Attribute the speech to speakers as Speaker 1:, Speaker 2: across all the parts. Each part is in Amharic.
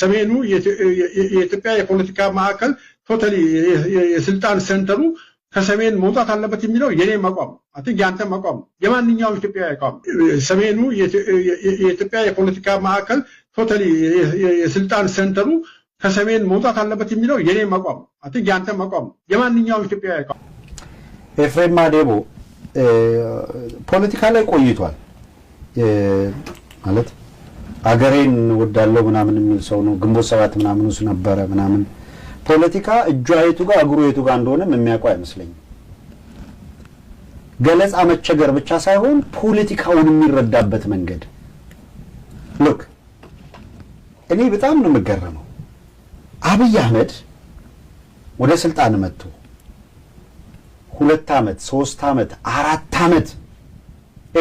Speaker 1: ሰሜኑ የኢትዮጵያ የፖለቲካ ማዕከል ቶታሊ የስልጣን ሴንተሩ ከሰሜን መውጣት አለበት የሚለው የኔ አቋም አን የአንተ አቋም የማንኛውም ኢትዮጵያ አቋም ሰሜኑ የኢትዮጵያ የፖለቲካ ማዕከል ቶታሊ የስልጣን ሴንተሩ ከሰሜን መውጣት አለበት የሚለው የኔ አቋም አን የአንተ አቋም የማንኛውም ኢትዮጵያ አቋም
Speaker 2: ኤፍሬም ማዴቦ ፖለቲካ ላይ ቆይቷል ማለት አገሬን ወዳለው ምናምን የሚል ሰው ነው። ግንቦት ሰባት ምናምን ውስጥ ነበረ ምናምን ፖለቲካ እጇ የቱ ጋር እግሩ የቱ ጋር እንደሆነም የሚያውቀው አይመስለኝም። ገለጻ መቸገር ብቻ ሳይሆን ፖለቲካውን የሚረዳበት መንገድ ሎክ እኔ በጣም ነው የምገረመው። አብይ አህመድ ወደ ስልጣን መጥቶ ሁለት ዓመት ሶስት ዓመት አራት ዓመት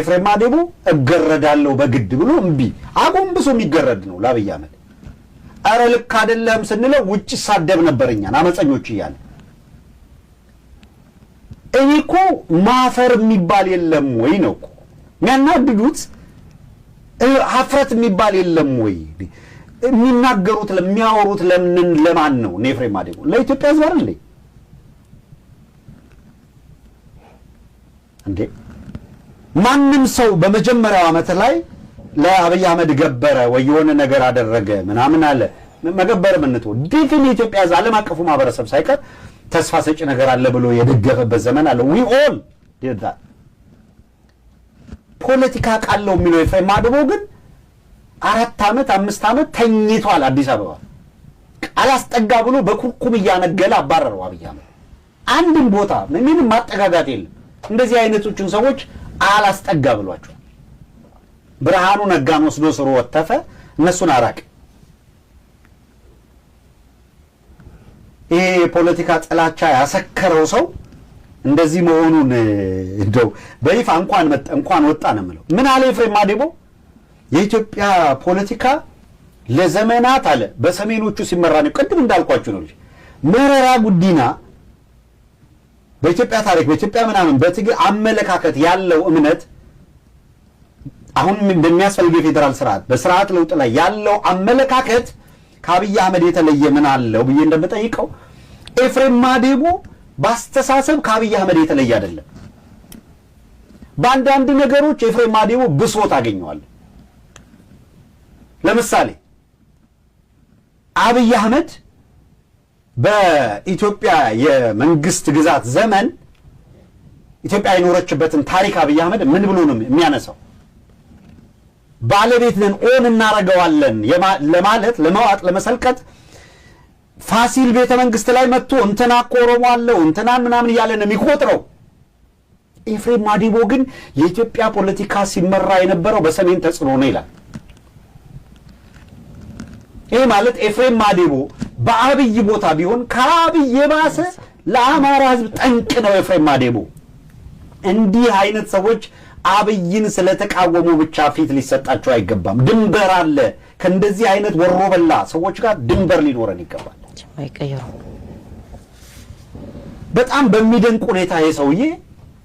Speaker 2: ኤፍሬም ማዴቦ እገረዳለሁ በግድ ብሎ እምቢ አጎንብሶ የሚገረድ ነው ለአብይ አህመድ። አረ ልክ አይደለም ስንለው ውጭ ሳደብ ነበር እኛን አመፀኞች እያለ። እኔ እኮ ማፈር የሚባል የለም ወይ ነው እኮ የሚያናድዱት። ሀፍረት የሚባል የለም ወይ የሚናገሩት ለሚያወሩት ለምን ለማን ነው? ኤፍሬም ማዴቦ ለኢትዮጵያ ህዝብ አይደል እንዴ? ማንም ሰው በመጀመሪያው ዓመት ላይ ለአብይ አህመድ ገበረ ወይ የሆነ ነገር አደረገ ምናምን አለ መገበር ምንት ዲፊን ኢትዮጵያ ዓለም አቀፉ ማህበረሰብ ሳይቀር ተስፋ ሰጪ ነገር አለ ብሎ የደገፈበት ዘመን አለ። ዊ ኦል ዲዳት ፖለቲካ ቃለው የሚለው ኤፍሬም ማድቦ ግን አራት ዓመት አምስት ዓመት ተኝቷል። አዲስ አበባ አላስጠጋ ብሎ በኩርኩም እያነገለ አባረረው አብይ አህመድ። አንድም ቦታ ምንም ማጠጋጋት የለም። እንደዚህ አይነቶችን ሰዎች አላስጠጋ ብሏቸው ብርሃኑ ነጋን ወስዶ ስሩ ወተፈ እነሱን አራቅ። ይሄ የፖለቲካ ጥላቻ ያሰከረው ሰው እንደዚህ መሆኑን እንደው በይፋ እንኳን እንኳን ወጣ ነው የምለው። ምን አለ ኤፍሬም አዴቦ የኢትዮጵያ ፖለቲካ ለዘመናት አለ በሰሜኖቹ ሲመራ ነው። ቅድም እንዳልኳችሁ ነው። መረራ ጉዲና በኢትዮጵያ ታሪክ በኢትዮጵያ ምናምን በትግል አመለካከት ያለው እምነት አሁን እንደሚያስፈልገው የፌዴራል ስርዓት በስርዓት ለውጥ ላይ ያለው አመለካከት ከአብይ አህመድ የተለየ ምን አለው ብዬ እንደምጠይቀው ኤፍሬም ማዴቦ በአስተሳሰብ ከአብይ አህመድ የተለየ አይደለም። በአንዳንድ ነገሮች ኤፍሬም ማዴቦ ብሶት አገኘዋል። ለምሳሌ አብይ አህመድ በኢትዮጵያ የመንግስት ግዛት ዘመን ኢትዮጵያ የኖረችበትን ታሪክ አብይ አህመድ ምን ብሎ ነው የሚያነሳው? ባለቤት ነን ኦን እናረገዋለን ለማለት ለመዋጥ ለመሰልቀጥ ፋሲል ቤተ መንግስት ላይ መጥቶ እንትና ኦሮሞ አለው እንትናን ምናምን እያለ ነው የሚቆጥረው። ኤፍሬም ማዲቦ ግን የኢትዮጵያ ፖለቲካ ሲመራ የነበረው በሰሜን ተጽዕኖ ነው ይላል። ይህ ማለት ኤፍሬም ማዲቦ በአብይ ቦታ ቢሆን ከአብይ የባሰ ለአማራ ህዝብ ጠንቅ ነው ኤፍሬም ማዴቦ። እንዲህ አይነት ሰዎች አብይን ስለተቃወሙ ብቻ ፊት ሊሰጣቸው አይገባም። ድንበር አለ። ከእንደዚህ አይነት ወሮ በላ ሰዎች ጋር ድንበር ሊኖረን ይገባል። በጣም በሚደንቅ ሁኔታ ይሄ ሰውዬ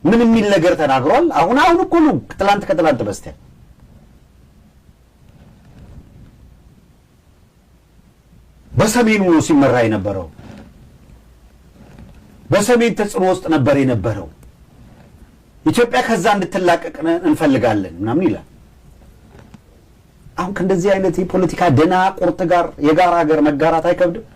Speaker 2: ምን የሚል ነገር ተናግሯል? አሁን አሁን እኮ ነው፣ ትላንት ከትላንት በስቲያ በሰሜኑ ነው ሲመራ የነበረው። በሰሜን ተጽዕኖ ውስጥ ነበር የነበረው። ኢትዮጵያ ከዛ እንድትላቀቅ እንፈልጋለን ምናምን ይላል። አሁን ከእንደዚህ አይነት የፖለቲካ ደና ቁርጥ ጋር የጋራ ሀገር መጋራት አይከብድም?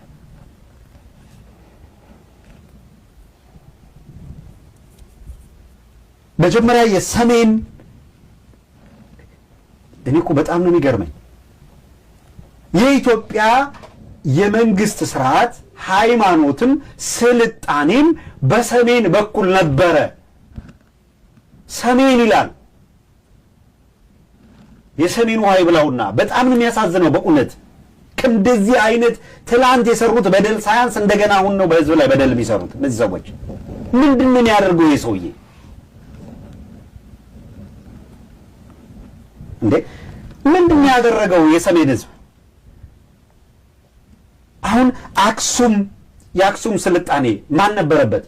Speaker 2: መጀመሪያ የሰሜን እኔ እኮ በጣም ነው የሚገርመኝ የኢትዮጵያ የመንግስት ስርዓት ሃይማኖትም ስልጣኔም በሰሜን በኩል ነበረ። ሰሜን ይላል የሰሜን ውሃ ይብላውና፣ በጣም ነው የሚያሳዝነው በእውነት እንደዚህ አይነት ትላንት የሰሩት በደል ሳያንስ እንደገና አሁን ነው በህዝብ ላይ በደል የሚሰሩት እነዚህ ሰዎች። ምንድን ምን ያደርገው ይህ ሰውዬ እንዴ? ምንድን ያደረገው የሰሜን ህዝብ? አሁን አክሱም የአክሱም ስልጣኔ ማን ነበረበት?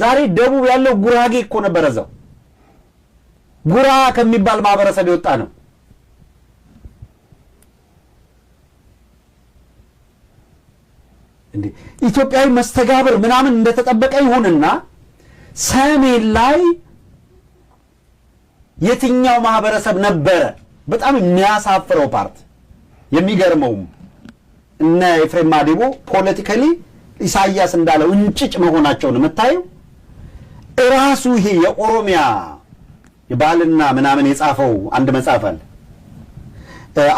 Speaker 2: ዛሬ ደቡብ ያለው ጉራጌ እኮ ነበረ። እዛው ጉራ ከሚባል ማህበረሰብ የወጣ ነው። ኢትዮጵያዊ መስተጋብር ምናምን እንደተጠበቀ ይሁንና ሰሜን ላይ የትኛው ማህበረሰብ ነበረ? በጣም የሚያሳፍረው ፓርት የሚገርመውም እነ ኤፍሬም ማዲቦ ፖለቲካሊ ኢሳያስ እንዳለው እንጭጭ መሆናቸውን የምታየው እራሱ ይሄ የኦሮሚያ ባህልና ምናምን የጻፈው አንድ መጽሐፍ አለ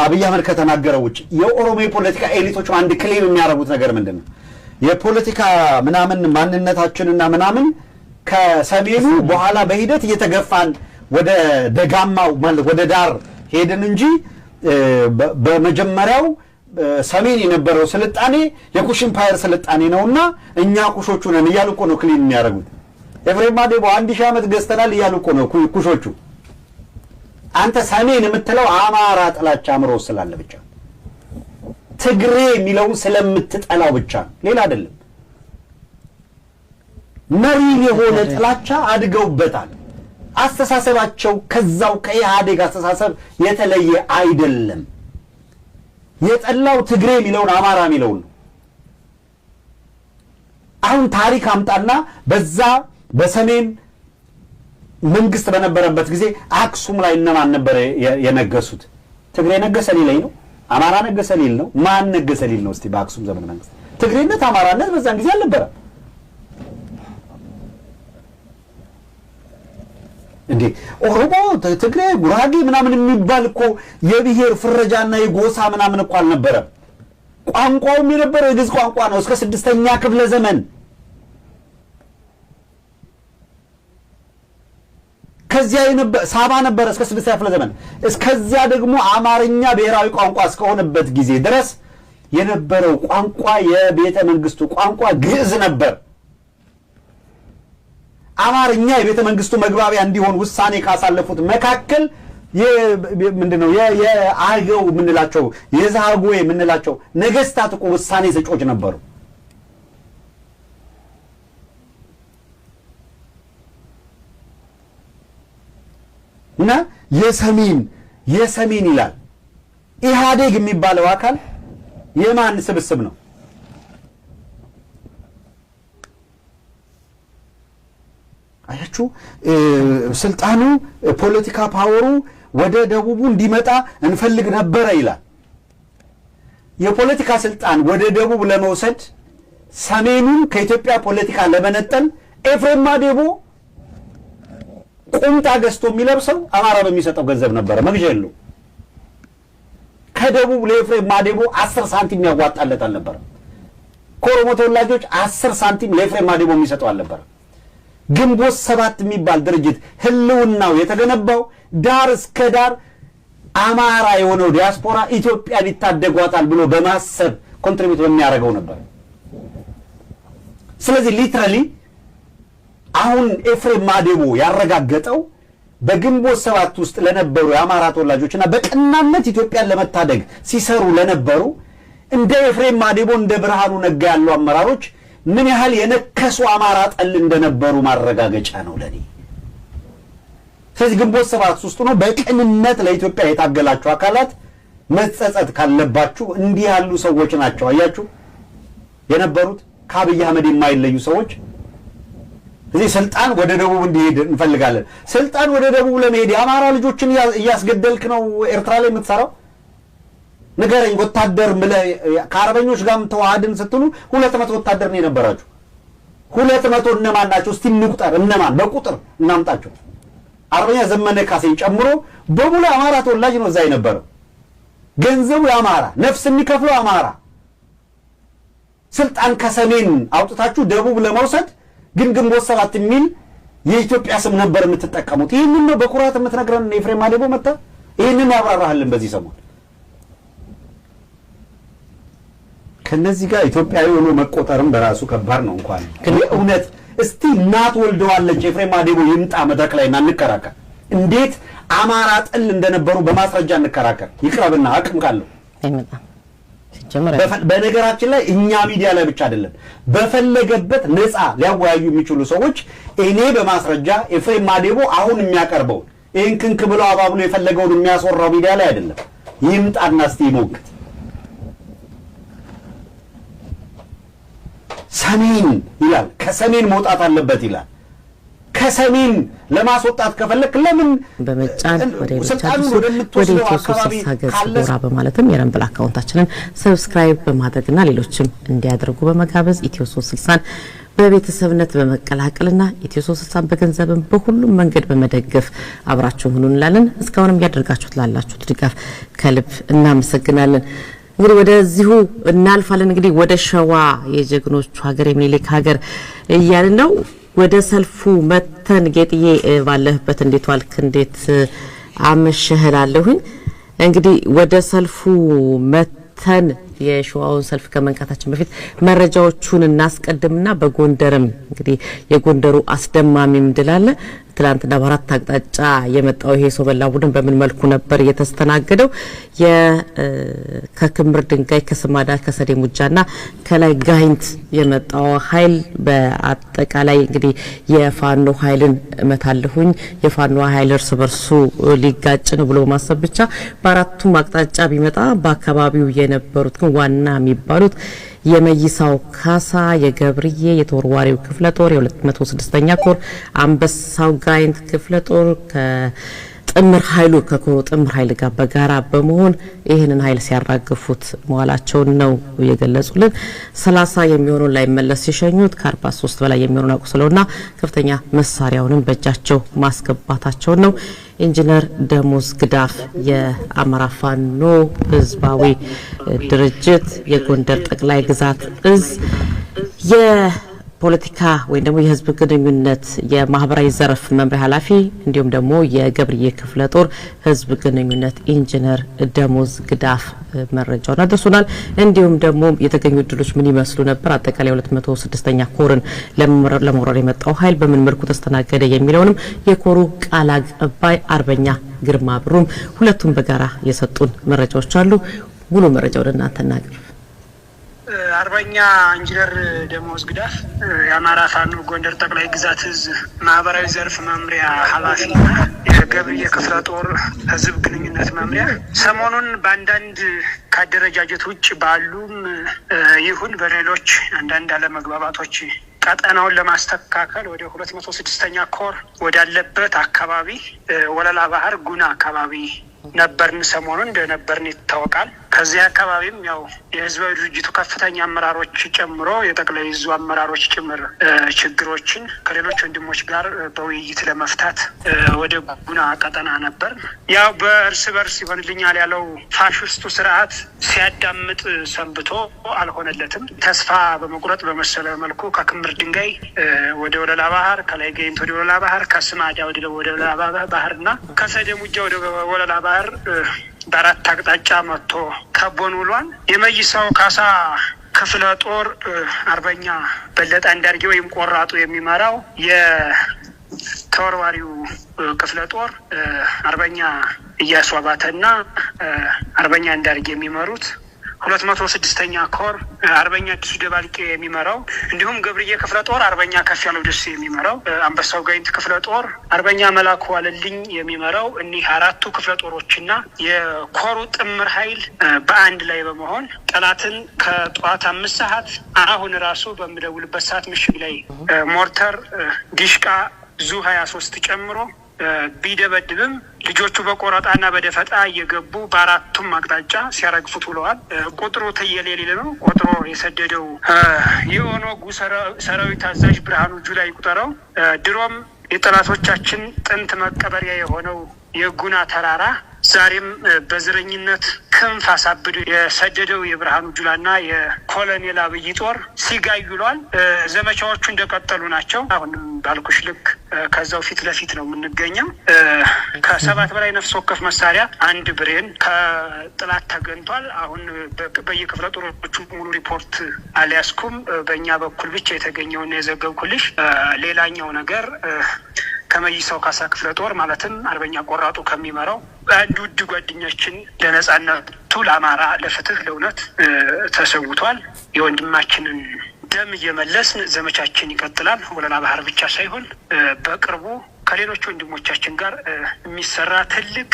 Speaker 2: አብይ አህመድ ከተናገረው ውጭ የኦሮሞ ፖለቲካ ኤሊቶች አንድ ክሌም የሚያደርጉት ነገር ምንድን ነው? የፖለቲካ ምናምን ማንነታችንና ምናምን ከሰሜኑ በኋላ በሂደት እየተገፋን ወደ ደጋማው ወደ ዳር ሄድን እንጂ በመጀመሪያው ሰሜን የነበረው ስልጣኔ የኩሽ ኢምፓየር ስልጣኔ ነውና እኛ ኩሾቹ ነን እያሉ እኮ ነው ክሊን የሚያደርጉት። ኤፍሬም ማዴቦ አንድ ሺህ ዓመት ገዝተናል እያሉ እኮ ነው ኩሾቹ። አንተ ሰሜን የምትለው አማራ ጥላቻ አምሮ ስላለ ብቻ ትግሬ የሚለው ስለምትጠላው ብቻ ሌላ አይደለም። መሪ የሆነ ጥላቻ አድገውበታል። አስተሳሰባቸው ከዛው ከኢህአዴግ አስተሳሰብ የተለየ አይደለም። የጠላው ትግሬ የሚለውን አማራ የሚለውን ነው። አሁን ታሪክ አምጣና በዛ በሰሜን መንግስት በነበረበት ጊዜ አክሱም ላይ እነማን ነበረ የነገሱት? ትግሬ ነገሰ ሊለኝ ነው? አማራ ነገሰ ሊል ነው? ማን ነገሰ ሊል ነው? እስቲ በአክሱም ዘመን መንግስት ትግሬነት፣ አማራነት በዛን ጊዜ አልነበረም። እንዴ ኦሮሞ፣ ትግራይ፣ ጉራጌ ምናምን የሚባል እኮ የብሔር ፍረጃና የጎሳ ምናምን እኮ አልነበረም። ቋንቋውም የነበረው የግዕዝ ቋንቋ ነው እስከ ስድስተኛ ክፍለ ዘመን። ከዚያ ሳባ ነበረ እስከ ስድስተኛ ክፍለ ዘመን። እስከዚያ ደግሞ አማርኛ ብሔራዊ ቋንቋ እስከሆነበት ጊዜ ድረስ የነበረው ቋንቋ የቤተ መንግስቱ ቋንቋ ግዕዝ ነበር። አማርኛ የቤተ መንግስቱ መግባቢያ እንዲሆን ውሳኔ ካሳለፉት መካከል ምንድን ነው የአገው የምንላቸው የዛጉዌ የምንላቸው ነገስታት እኮ ውሳኔ ሰጮች ነበሩ። እና የሰሜን የሰሜን ይላል ኢህአዴግ የሚባለው አካል የማን ስብስብ ነው? ታውቃላችሁ። ስልጣኑ፣ ፖለቲካ ፓወሩ ወደ ደቡቡ እንዲመጣ እንፈልግ ነበረ ይላል። የፖለቲካ ስልጣን ወደ ደቡብ ለመውሰድ ሰሜኑን ከኢትዮጵያ ፖለቲካ ለመነጠል ኤፍሬም ማዴቦ ቁምጣ ገዝቶ የሚለብሰው አማራ በሚሰጠው ገንዘብ ነበረ። መግዣ ከደቡብ ለኤፍሬም ማዴቦ አስር ሳንቲም ያዋጣለት አልነበረም። ከኦሮሞ ተወላጆች አስር ሳንቲም ለኤፍሬም ማዴቦ የሚሰጠው አልነበረም። ግንቦት ሰባት የሚባል ድርጅት ህልውናው የተገነባው ዳር እስከ ዳር አማራ የሆነው ዲያስፖራ ኢትዮጵያን ይታደጓታል ብሎ በማሰብ ኮንትሪቢዩት በሚያደርገው ነበር። ስለዚህ ሊትራሊ አሁን ኤፍሬም ማዴቦ ያረጋገጠው በግንቦት ሰባት ውስጥ ለነበሩ የአማራ ተወላጆችና በቀናነት ኢትዮጵያን ለመታደግ ሲሰሩ ለነበሩ እንደ ኤፍሬም ማዴቦ እንደ ብርሃኑ ነጋ ያሉ አመራሮች ምን ያህል የነከሱ አማራ ጠል እንደነበሩ ማረጋገጫ ነው ለኔ። ስለዚህ ግንቦት ሰባት ውስጥ ነው በቅንነት ለኢትዮጵያ የታገላችሁ አካላት መጸጸት ካለባችሁ እንዲህ ያሉ ሰዎች ናቸው። አያችሁ የነበሩት ከአብይ አህመድ የማይለዩ ሰዎች። እዚህ ስልጣን ወደ ደቡብ እንዲሄድ እንፈልጋለን። ስልጣን ወደ ደቡብ ለመሄድ የአማራ ልጆችን እያስገደልክ ነው ኤርትራ ላይ የምትሰራው። ንገረኝ ወታደር ብለ ከአርበኞች ጋርም ተዋህድን ስትሉ ሁለት መቶ ወታደር ነው የነበራችሁ። ሁለት መቶ እነማን ናቸው እስቲ እንቁጠር፣ እነማን በቁጥር እናምጣቸው። አርበኛ ዘመነ ካሴን ጨምሮ በሙሉ አማራ ተወላጅ ነው እዛ የነበረው። ገንዘቡ የአማራ ነፍስ የሚከፍለው አማራ። ስልጣን ከሰሜን አውጥታችሁ ደቡብ ለመውሰድ ግን ግንቦት ሰባት የሚል የኢትዮጵያ ስም ነበር የምትጠቀሙት። ይህንን ነው በኩራት የምትነግረን። ኤፍሬም ማዴቦ መጣ፣ ይህንን ያብራራህልን በዚህ ሰሞን ከነዚህ ጋር ኢትዮጵያዊ ሆኖ መቆጠርም በራሱ ከባድ ነው። እንኳን እውነት እስቲ እናት ወልደዋለች ኤፍሬም አዴቦ ይምጣ መድረክ ላይ እንከራከር። እንዴት አማራ ጥል እንደነበሩ በማስረጃ እንከራከር። ይቅረብና አቅም ካለው በነገራችን ላይ እኛ ሚዲያ ላይ ብቻ አይደለም፣ በፈለገበት ነፃ ሊያወያዩ የሚችሉ ሰዎች እኔ በማስረጃ ኤፍሬም አዴቦ አሁን የሚያቀርበውን ይህን ክንክ ብለው አባብሎ የፈለገውን የሚያስወራው ሚዲያ ላይ አይደለም። ይምጣና እስቲ ይሞግት። ሰሜን ይላል። ከሰሜን መውጣት አለበት ይላል። ከሰሜን ለማስወጣት ከፈለክ ለምን
Speaker 3: በመጫን ወደ ኢትዮ ሶስ ጎራ በማለትም የረንብል አካውንታችንን ሰብስክራይብ በማድረግና ሌሎችም እንዲያደርጉ በመጋበዝ ኢትዮ ሶስ ስልሳን በቤተሰብነት በመቀላቀልና ኢትዮ ሶስ ስልሳን በገንዘብም በሁሉም መንገድ በመደገፍ አብራችሁ ሁኑ እንላለን። እስካሁንም እያደርጋችሁት ላላችሁት ድጋፍ ከልብ እናመሰግናለን። እንግዲህ ወደዚሁ እናልፋለን። እንግዲህ ወደ ሸዋ የጀግኖቹ ሀገር የሚኒሊክ ሀገር እያልን ነው። ወደ ሰልፉ መተን ጌጥዬ ባለህበት እንዴት ዋልክ? እንዴት አመሸህላለሁኝ። እንግዲህ ወደ ሰልፉ መተን የሸዋውን ሰልፍ ከመንካታችን በፊት መረጃዎቹን እናስቀድምና በጎንደርም እንግዲህ የጎንደሩ አስደማሚ ምድል አለ። ትላንትና በአራት አቅጣጫ የመጣው ይሄ ሰው ቡድን በምን መልኩ ነበር የተስተናገደው? ከክምር ድንጋይ ከስማዳ ከሰዴ ሙጃና ከላይ ጋይንት የመጣው ኃይል በአጠቃላይ እንግዲህ የፋኖ ኃይልን እመታለሁኝ የፋኖ ኃይል እርስ በርሱ ሊጋጭ ነው ብሎ ማሰብ ብቻ በአራቱም አቅጣጫ ቢመጣ በአካባቢው የነበሩት ግን ዋና የሚባሉት የመይሳው ካሳ፣ የገብርዬ የተወርዋሪው ክፍለ ጦር፣ የ206ኛ ኮር አንበሳው ጋይንት ክፍለ ጦር ጥምር ኃይሉ ከኮሮ ጥምር ኃይል ጋር በጋራ በመሆን ይህንን ኃይል ሲያራግፉት መዋላቸውን ነው የገለጹልን። ሰላሳ የሚሆኑ ላይ መለስ ሲሸኙት ከአርባ ሶስት በላይ የሚሆኑ አቁስለውና ከፍተኛ መሳሪያውንም በእጃቸው ማስገባታቸውን ነው። ኢንጂነር ደሞዝ ግዳፍ የአማራ ፋኖ ህዝባዊ ድርጅት የጎንደር ጠቅላይ ግዛት እዝ ፖለቲካ ወይም ደግሞ የህዝብ ግንኙነት የማህበራዊ ዘርፍ መምሪያ ኃላፊ እንዲሁም ደግሞ የገብርዬ ክፍለ ጦር ህዝብ ግንኙነት ኢንጂነር ደሞዝ ግዳፍ መረጃውን አድርሶናል። እንዲሁም ደግሞ የተገኙ እድሎች ምን ይመስሉ ነበር፣ አጠቃላይ 206ኛ ኮርን ለመውረር የመጣው ኃይል በምን መልኩ ተስተናገደ የሚለውንም የኮሩ ቃል አቀባይ አርበኛ ግርማ ብሩም ሁለቱም በጋራ የሰጡን መረጃዎች አሉ። ሙሉ መረጃ ወደ እናንተ
Speaker 4: አርበኛ ኢንጂነር ደሞዝ ግዳፍ የአማራ ፋኖ ጎንደር ጠቅላይ ግዛት ህዝብ ማህበራዊ ዘርፍ መምሪያ ኃላፊና የገብርዬ ክፍለ ጦር ህዝብ ግንኙነት መምሪያ ሰሞኑን በአንዳንድ ከአደረጃጀት ውጭ ባሉም ይሁን በሌሎች አንዳንድ አለመግባባቶች ቀጠናውን ለማስተካከል ወደ ሁለት መቶ ስድስተኛ ኮር ወዳለበት አካባቢ ወለላ ባህር ጉና አካባቢ ነበርን። ሰሞኑን እንደነበርን ይታወቃል። ከዚህ አካባቢም ያው የህዝባዊ ድርጅቱ ከፍተኛ አመራሮች ጨምሮ የጠቅላይ ዕዙ አመራሮች ጭምር ችግሮችን ከሌሎች ወንድሞች ጋር በውይይት ለመፍታት ወደ ጉና ቀጠና ነበር። ያው በእርስ በርስ ይሆንልኛል ያለው ፋሽስቱ ስርዓት ሲያዳምጥ ሰንብቶ አልሆነለትም። ተስፋ በመቁረጥ በመሰለ መልኩ ከክምር ድንጋይ ወደ ወለላ ባህር፣ ከላይ ገይንት ወደ ወለላ ባህር፣ ከስማዳ ወደ ወለላ ባህር እና ከሰደሙጃ ወደ ወለላ ባህር በአራት አቅጣጫ መጥቶ ከቦን ውሏል። የመይሳው ካሳ ክፍለ ጦር አርበኛ በለጠ አንዳርጌ ወይም ቆራጡ የሚመራው የተወርዋሪው ክፍለ ጦር አርበኛ እያሱ አባተና አርበኛ አንዳርጌ የሚመሩት ሁለት መቶ ስድስተኛ ኮር አርበኛ አዲሱ ደባልቄ የሚመራው እንዲሁም ገብርዬ ክፍለ ጦር አርበኛ ከፍ ያለው ደስ የሚመራው አንበሳው ጋይንት ክፍለ ጦር አርበኛ መላኩ አለልኝ የሚመራው እኒህ አራቱ ክፍለ ጦሮችና የኮሩ ጥምር ኃይል በአንድ ላይ በመሆን ጠላትን ከጠዋት አምስት ሰዓት አሁን ራሱ በምደውልበት ሰዓት ምሽግ ላይ ሞርተር ዲሽቃ ዙ ሀያ ሶስት ጨምሮ ቢደበድብም ልጆቹ በቆረጣና በደፈጣ እየገቡ በአራቱም አቅጣጫ ሲያረግፉት ውለዋል። ቁጥሩ ትየሌሌ ነው። ቆጥሮ የሰደደው የኦነጉ ሰራዊት አዛዥ ብርሃኑ ጁላ ይቁጠረው። ድሮም የጠላቶቻችን ጥንት መቀበሪያ የሆነው የጉና ተራራ ዛሬም በዘረኝነት ክንፍ አሳብዶ የሰደደው የብርሃኑ ጁላና የኮሎኔል አብይ ጦር ሲጋይ ውሏል። ዘመቻዎቹ እንደቀጠሉ ናቸው። አሁንም ባልኩሽ ልክ ከዛው ፊት ለፊት ነው የምንገኘው። ከሰባት በላይ ነፍስ ወከፍ መሳሪያ፣ አንድ ብሬን ከጥላት ተገንቷል። አሁን በየክፍለ ጦሮቹ ሙሉ ሪፖርት አልያዝኩም። በእኛ በኩል ብቻ የተገኘውና የዘገብኩልሽ ሌላኛው ነገር ከመይሰው ካሳ ክፍለ ጦር ማለትም አርበኛ ቆራጡ ከሚመራው አንድ ውድ ጓደኛችን ለነጻነቱ ለአማራ ለፍትህ ለእውነት ተሰውቷል። የወንድማችንን ደም እየመለስን ዘመቻችን ይቀጥላል። ወለላ ባህር ብቻ ሳይሆን በቅርቡ ከሌሎች ወንድሞቻችን ጋር የሚሰራ ትልቅ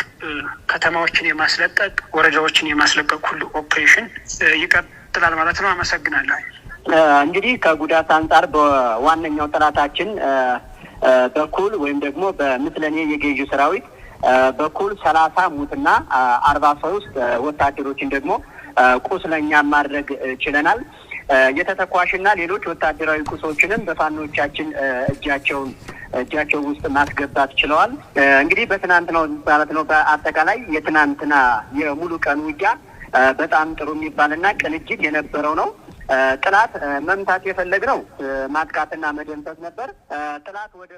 Speaker 4: ከተማዎችን የማስለቀቅ ወረዳዎችን የማስለቀቅ ሁሉ ኦፕሬሽን ይቀጥላል ማለት ነው። አመሰግናለሁ።
Speaker 5: እንግዲህ ከጉዳት አንጻር በዋነኛው ጥናታችን በኩል ወይም ደግሞ በምስለኔ የገዢ ሰራዊት በኩል ሰላሳ ሙትና አርባ ሶስት ወታደሮችን ደግሞ ቁስለኛ ማድረግ ችለናል። የተተኳሽና ሌሎች ወታደራዊ ቁሶችንም በፋኖቻችን እጃቸውን እጃቸው ውስጥ ማስገባት ችለዋል። እንግዲህ ነው ማለት ነው በአጠቃላይ የትናንትና የሙሉ ቀን ውጊያ በጣም ጥሩ የሚባልና ቅንጅት የነበረው ነው። ጥላት መምታት የፈለግነው ማጥቃትና መደምሰስ ነበር። ጥላት ወደ